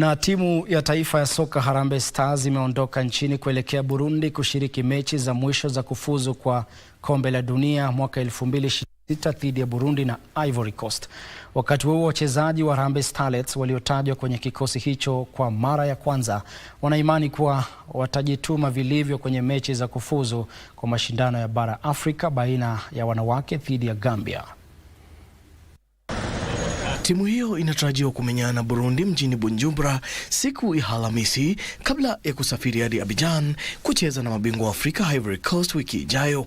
Na timu ya taifa ya soka Harambee Stars imeondoka nchini kuelekea Burundi kushiriki mechi za mwisho za kufuzu kwa Kombe la Dunia mwaka 2026 dhidi ya Burundi na Ivory Coast. Wakati huo wachezaji wa Harambee Starlets waliotajwa kwenye kikosi hicho kwa mara ya kwanza wana imani kuwa watajituma vilivyo kwenye mechi za kufuzu kwa mashindano ya bara Afrika baina ya wanawake dhidi ya Gambia. Timu hiyo inatarajiwa kumenyana na Burundi mjini Bujumbura siku ya Alhamisi kabla ya kusafiri hadi Abidjan kucheza na mabingwa wa Afrika Ivory Coast wiki ijayo.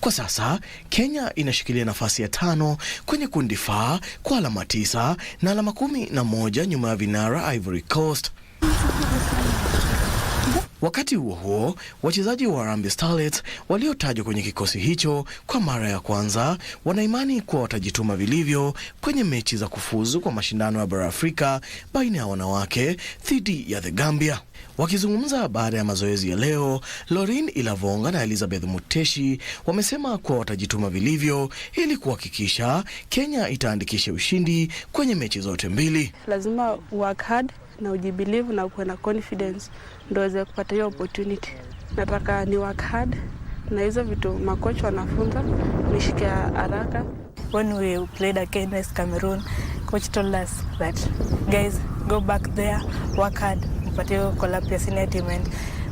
Kwa sasa Kenya inashikilia nafasi ya tano kwenye kundi faa kwa alama tisa na alama kumi na moja nyuma ya vinara Ivory Coast. Wakati huo huo, wachezaji wa Harambee Starlets waliotajwa kwenye kikosi hicho kwa mara ya kwanza wanaimani kuwa watajituma vilivyo kwenye mechi za kufuzu kwa mashindano ya bara Afrika baina ya wanawake dhidi ya The Gambia. Wakizungumza baada ya mazoezi ya leo, Lorin Ilavonga na Elizabeth Muteshi wamesema kuwa watajituma vilivyo ili kuhakikisha Kenya itaandikisha ushindi kwenye mechi zote mbili. Lazima work hard na ujibilivu na kuwa na confidence ndio weze kupata hiyo opportunity. Nataka ni work hard na hizo vitu makocha wanafunza nishike haraka. When we played against Cameroon, coach told us that guys go back there work hard mpate hiyo collab ya senior team and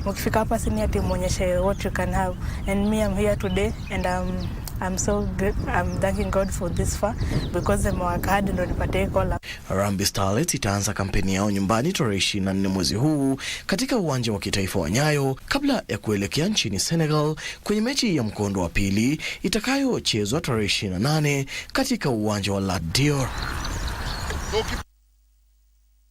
mkifika hapa senior team muonyeshe what you can have and me I'm here today and I'm um, So Harambee Starlets itaanza kampeni yao nyumbani tarehe 24 mwezi huu katika uwanja wa kitaifa wa Nyayo kabla ya kuelekea nchini Senegal kwenye mechi ya mkondo wa pili itakayochezwa tarehe 28 katika uwanja wa Ladior. Dior.